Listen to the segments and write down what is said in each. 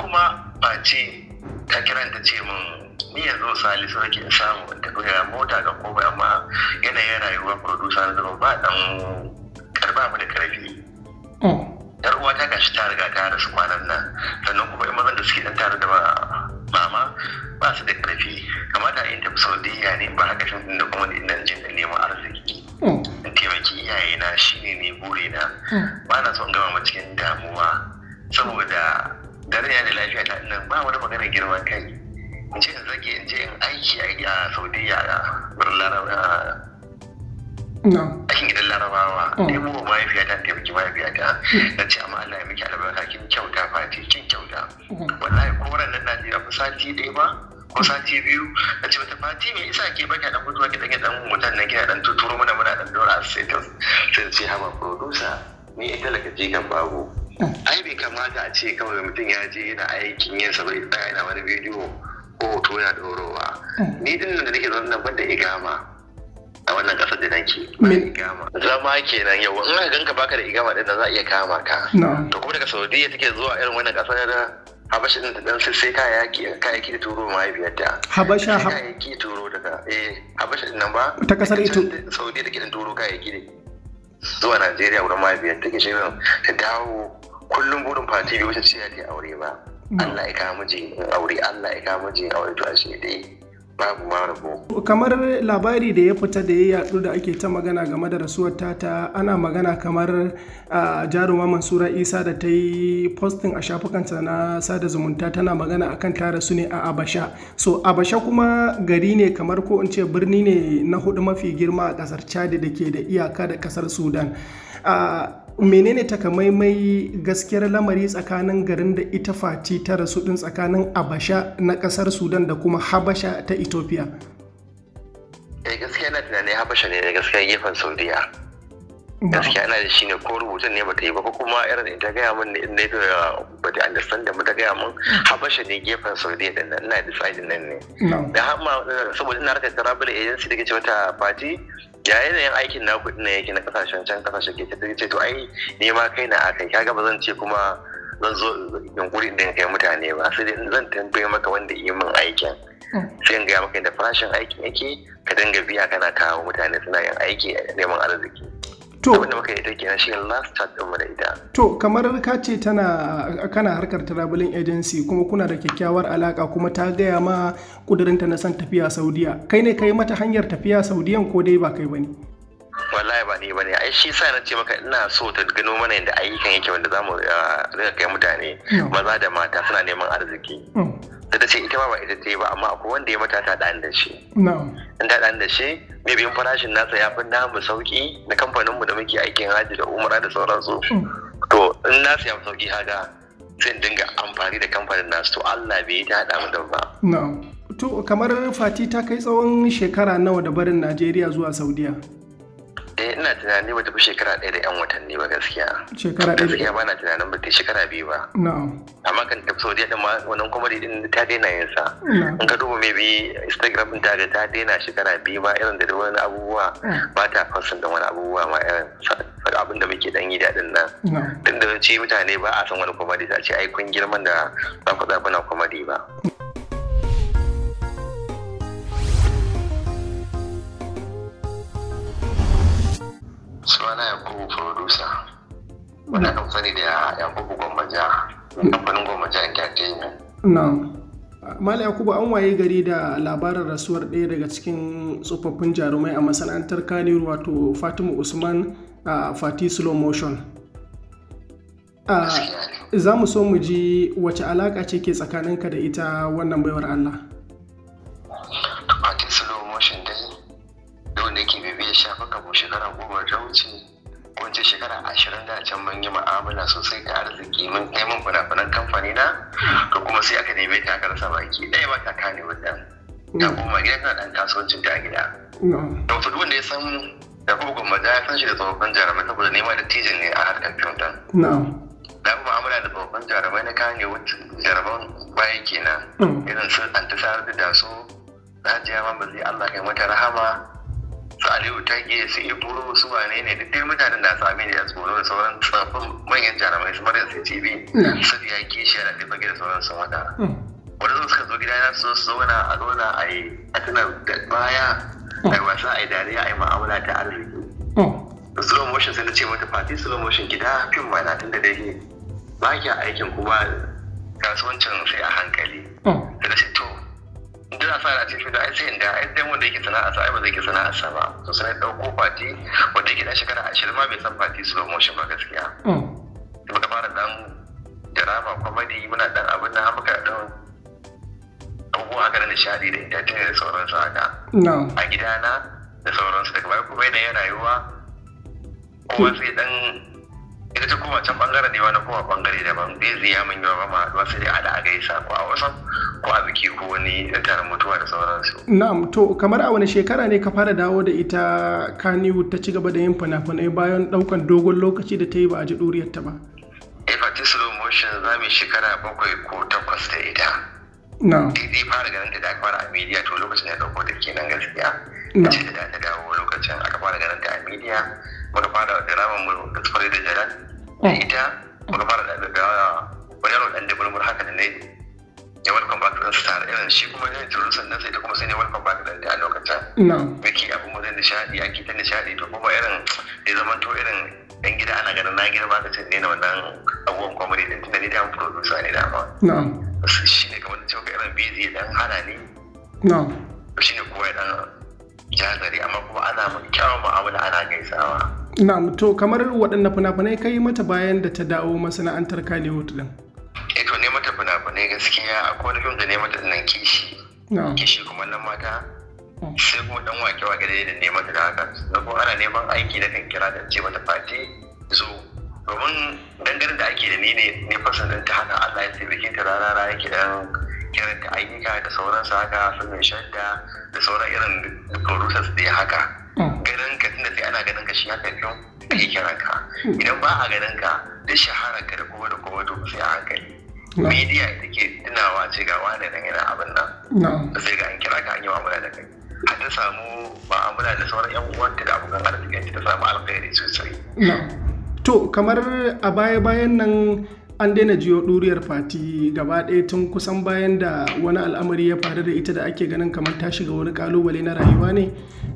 kuma ba ce ta kiran ta ce min ni yanzu salisu nake samu da tafi ga mota ga amma yanayin rayuwar producer na zama ba dan karba mu da karfi oh. yar uwa ta gashi ta riga ta rasu kwanan nan sannan kuma in mazan da suke dan tare da mama ba su da karfi kamata in tafi saudiya ne ba haka shin da kuma inda jin da neman arziki oh. in taimaki iyaye na shine ne burina na oh. ba na son gama cikin damuwa saboda da da lafiya ta nan ba wani magana girma kai in ce in zage in ce in aiki a saudiya a wurin larabawa aikin gidan larabawa oh. ne mu ba fiya ta taimaki fiya ta hmm. na ce amma Allah ya miki albarka kin kyauta fati kin kyauta hmm. wallahi koren ran nan jira ku sati ɗaya ba ko sati biyu na ce wata fati me isa ke baki dan mutuwa ki dan dan mutan nan kina dan tuturo mana muna dan dora a ta sai ce Hama producer ni ita laka jikan babu ai bai kamata a ce kawai mutum ya je yana aikin yin sa ita tsaya yana wani bidiyo ko hoto yana dorowa ni din da nake zaune nan banda igama a wannan kasar da nake igama zama kenan yau in aka ganka baka da igama din da za a iya kama ka to kuma daga saudiya take zuwa irin wannan kasar da habasha din ta dan sai yaki ka da turo mahaifiyarta habasha yaki turo daga eh habasha din nan ba ta kasar ito saudiya take dan turo yaki ne zuwa najeriya wurin mahaifiyarta take shirin ta dawo kullum burin fati bai wuce cewa ta aure ba mm. Allah ya kawo miji aure Allah ya kawo miji aure to ashe dai babu ma kamar labari da ya fita da ya yadu da ake ta magana game da rasuwar tata ana magana kamar jaruma mansura isa da ta yi posting a shafukanta na sada zumunta tana magana akan ta rasu ne a abasha so abasha kuma gari ne kamar ko in ce birni ne na hudu mafi girma a kasar chad da ke da iyaka da kasar sudan menene takamaimai gaskiyar lamari tsakanin garin da ita faci ta rasu din tsakanin abasha na kasar sudan da kuma habasha ta ethiopia eh gaskiya na tunanin habasha ne gaskiya gefen saudiya gaskiya ina da shi ne ko rubutun ne bata yi ba ko kuma irin ta gaya min ne da bata understand da ta gaya min mm. habasha ne gefen saudiya da nan ina da side nan ne da har ma saboda ina harkar travel agency da ke ce mata fati ya yin aikin na naku na yake na kasashen can kasashe ke ta ce to ai ne ma kai na akai kaga ba zan ce kuma zan zo yunkuri din kai mutane ba sai dai zan tambaye maka wanda yi min aikin mm. sai in gaya maka da farashin aikin yake ka dinga biya kana kawo mutane suna yin aiki neman arziki to abinda muka yi kenan shi last chat din da ita to kamar ka ce tana kana harkar traveling agency kuma kuna da kyakkyawar alaka kuma ta gaya ma kudurinta na son tafiya saudiya kai ne kai mata hanyar tafiya saudiyan ko dai ba kai bane wallahi ba ni ba ne ai shi sa na ce maka ina so ta gano mana yadda ayyukan yake wanda zamu ah, riga kai mutane maza da mata suna neman arziki ta ce ita ba ba ita ce ba amma akwai wanda ya mata ta da shi in ta da shi mai biyan farashin nasa ya fi namu sauki na kamfaninmu da muke aikin haji da umara da sauransu to in nasu ya fi sauki haga sai dinga amfani da kamfanin nasu to Allah bai yi ta haɗa mu ba. to kamar fati ta kai tsawon shekara nawa da barin Najeriya zuwa Saudiya. eh ina tunanin ta fi shekara ɗaya da yan watanni ba gaskiya shekara ɗaya gaskiya ba na tunanin ba ta shekara biyu ba na'am amma kan tafi sau din ma wannan comedy din ta daina yin sa in ka duba mai maybe instagram ta ga ta daina shekara biyu ma irin da wani abubuwa ba ta fasin da wani abubuwa ma irin abin da muke dan yi daɗin nan din da mutane ba a san wani da ta ce ai kun girman da ba ku zaɓi na comedy ba sunana yakubu producer mm. wani sani da yakubu gwammaja kamfanin gwammaja entertainment Mala Yakubu an waye gari da labarin rasuwar ɗaya daga cikin tsofaffin jarumai a masana'antar Kanuri wato Fatima Usman a Fati Slow Motion. Za mu so mu ji wace alaƙa ce ke tsakaninka da ita wannan baiwar Allah. ko shekara goma ta wuce ko in ce shekara ashirin da can mun yi mu'amala sosai ga arziki mun kai mun fina-finan kamfani na ko kuma sai aka neme ta karsa baki ɗaya ba ta kane wannan ta goma mm. gida tana ɗan kasuwancin ta gida. Da mm. duk wanda ya san da kuma gwamnati ya san shi da tsofaffin jarumai saboda nema da tijin ne a harkar kyauta. da kuma amura da tsofaffin jarumai na kane wuce jaruman bayi kenan mm. irin ta antasar da su hajiya ma ba zai Allah kai mata rahama su ta ke su iburo su wane ne duk dai mutanen da sami ne da tsoro da sauran tsaffin manyan jarumai su marar sai tv su ya ke shi da fage da sauran sun wata hmm. wanda zo suka zo gida na so su zauna a zauna a yi a tana da baya a yi wasa a yi dariya a yi ma'amala ta arziki hmm. slow motion sai na ce mata fati slow motion gida fim mana tun da dai ba kya aikin kuma kasuwancin sai a hankali hmm. da na ce to ina sa na ce da ai sai inda ai sai wanda yake sana'a sa ai ba zai ke sana'a sa ba to sai ko fati wanda yake dan shekara 20 ma bai san fati slow motion ba gaskiya sai hmm. da fara dan drama comedy muna dan abin nan muka dan abubuwa haka na nishadi da entertainment da sauransu haka a gidana da sauransu daga baya kuma yanayin rayuwa kuma sai hmm. dan ita ta koma can bangare ne wani kuma bangare daban bai zai min yawa ba ma haɗuwa sai dai a da a gaisa ko a wasan ko a biki ko wani taron mutuwa da sauransu. Na'am to kamar a wani shekara ne ka fara dawo da ita Kaniwood ta ci gaba da yin fina-finai bayan ɗaukan dogon lokaci da ta yi ba a ji ɗuriyar eh, ta ba. Ifati slow motion za mu shekara bakwai ko takwas da ita. Na'am. Didi fara ganin da ta fara a media to lokacin ya ɗauko da kenan gaskiya. Na'am. Ce da ta dawo lokacin aka fara ganin ta a media muka fara da ramin mu da tsare da jaran. Oh. Da ita muka fara da da wani yaro ɗan da bulmul haka da na yi ya welcome back ɗin tare irin shi kuma zai turu sannan sai ta kuma sai ne welcome back ɗin a lokacin miki abu mu zai nishadi ake ta nishadi to kuma irin ya zama to irin dan gida ana ganin na girma ka ce ne na wannan abubuwan comedy ɗin tunda ni da producer ne da ma shi ne kamar da cewa irin busy dan hana ni shi ne kowa ya dan jazari amma kuma ana kyawun mu'amala ana gaisawa na to kamar waɗanne fina-finai kai mata bayan da ta dawo masana'antar Kaliwood din to ne mata fina-finai gaskiya a kowane fim da ne mata nan kishi kishi kuma nan mata sai kuma dan wake wake da ne mata da haka na kuma ana neman aiki na kan kira da ce mata fati zo domin dangane da ake da ni ne ne fasalin ta hana Allah ya taimake ta rana rana yake dan kiran ta ayyuka da sauran su haka sun mai shadda da sauran irin producers da ya haka ganin ka tunda sai ana ganin ka shi haka kyau ake kiran ka mm. idan ba a ganin ka da shaharar ka da kowa da kowa to sai a hankali media ke tunawa ce ga wane nan yana abin nan sai ga an kira ka an yi mamula da kai a ta samu mu'amala da sauran yan uwanta da abokan arzikin ta samu alkhairi sosai to kamar a baya-bayan nan an daina jiyo ɗuriyar fati gaba ɗaya tun kusan bayan da wani al'amari ya faru da ita da ake ganin kamar ta shiga wani kalubale na rayuwa ne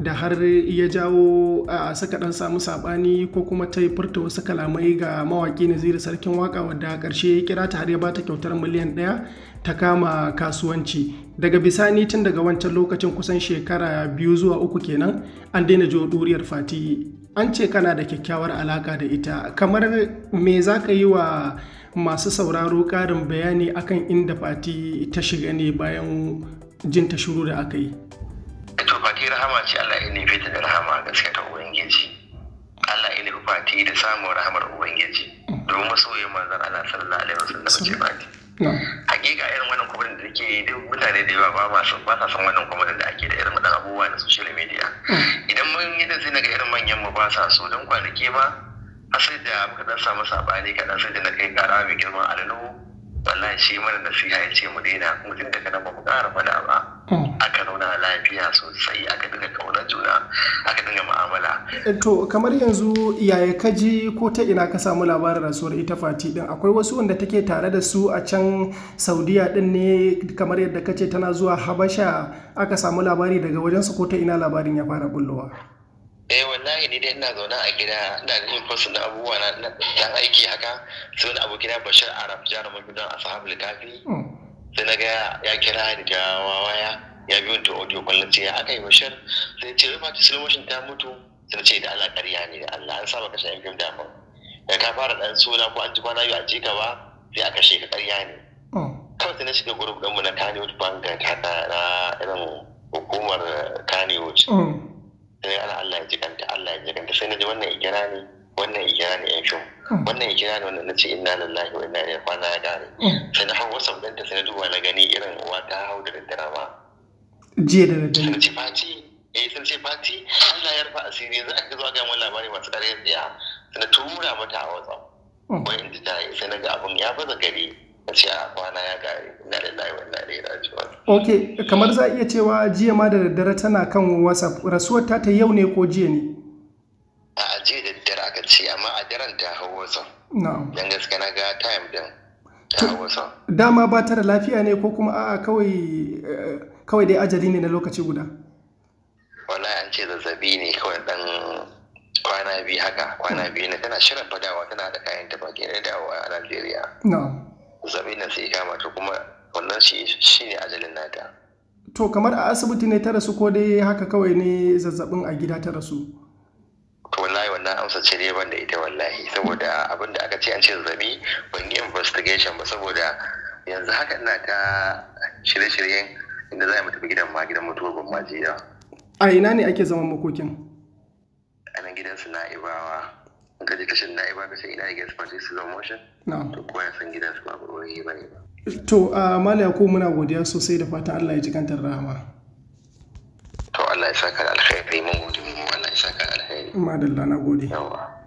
da har ya jawo a saka ɗan samu saɓani ko kuma ta yi furta wasu kalamai ga mawaƙi zira sarkin waka wadda ƙarshe ya kira ta har ya bata kyautar miliyan ɗaya ta kama kasuwanci daga bisani tun daga wancan lokacin kusan shekara biyu zuwa uku kenan an daina jo ɗuriyar fati an ce kana da kyakkyawar alaka da ita kamar me za ka yi wa masu sauraro karin bayani akan inda fati ta shiga ne bayan jin ta shuru da aka yi to fati rahama ce Allah ya nufe da rahama gaske ta ubangiji Allah ya nufi fati da samun rahamar ubangiji mm. domin masoyin manzon Allah sallallahu alaihi wasallam ce fati yi eh, mutane da yawa ba ma ba sa son wannan kwamitin da ake da irin waɗannan abubuwa na social media idan mun yi da sai naga irin manyan mu ba sa so don kwanaki ma sai da muka dan samu sabani kaɗan sai da na kai kara mai girman alanu wallahi shi mana nasiha ya ce mu daina mutum daga nan ba mu kara fada ba hmm. aka nuna lafiya sosai aka dinga kaunar juna aka dinga mu'amala Eh, to kamar yanzu yaya kaji ko ta ina ka samu labarin rasuwar ita fati din akwai wasu wanda take tare da su a can saudiya din ne kamar yadda kace tana zuwa habasha aka samu labari daga wajensu ko ta ina labarin ya fara bullowa eh wallahi ni dai ina zaune a gida ina ganin fasu da abubuwa na dan aiki haka sai wani gida bashar arab jarumin gidan ashabul kafi hmm. sai na ga ya kira ni da wawaya ya biyo ta audio kwallon ce ya aka yi bashar sai ce rufa ta ta mutu sai ce da Allah ƙarya ne da Allah an saba kashe yankin fim dama da ka fara ɗan suna ko an ji kwana yau a ji gaba sai a kashe ka ƙarya ne hmm. kawai sai na shiga gurup ɗinmu na Kannywood ta ta na irin hukumar Kannywood hmm. sai ana Allah ya ji kanta Allah ya ji sai na ji wannan igira ne wannan igira ne yan fim hmm. wannan igira ne wannan na ce inna lillahi wa inna ilaihi kwana ya gane sai na hau wasan ɗinta sai na duba na gani irin uwa ta hau da daddara ba. jiya da daddare ce sun ce fati Allah ya rufa asiri za a zo ga mun labari masu ƙarya tsaya na tura mata a wasa bayan da ta yi sai na ga abin ya baza gari a ce a kwana ya gari na da layi wani layi da ya ok kamar za a iya cewa jiya ma da daddare tana kan whatsapp rasuwar ta ta yau ne ko jiya ne a jiya da daddare aka ce amma a daren ta hau wasa dan gaske na ga time din dama ba ta da lafiya ne ko kuma a'a kawai eh, kawai dai ajali ne na lokaci guda wala an ce zazzabi ne kawai dan kwana biyu haka kwana biyu ne tana shirin fadawa tana da kayan ta baki da dawowa a Najeriya. Zazzabi na sai kama ta kuma wannan shi ne ajalin nata. To kamar a asibiti ne ta rasu ko dai haka kawai ne zazzabin a gida ta rasu? To wallahi wannan amsa ce ne banda ita wallahi saboda abin da aka ce an ce zazzabi ban yi investigation ba saboda yanzu haka ina ta shirye-shiryen inda za mu tafi gidan ma gidan mutuwar ma ya. a ina ne ake zaman makokin a nan gidansu na ibawa ga tashin na ibawa sai ina against su zama motion to kowa ya san gidan su ba wuri ba ne ba to a mali ko muna godiya sosai da fatan allah ya ji kantar to allah ya saka da alkhairi mun gode mun allah ya saka alkhairi madalla na gode yawa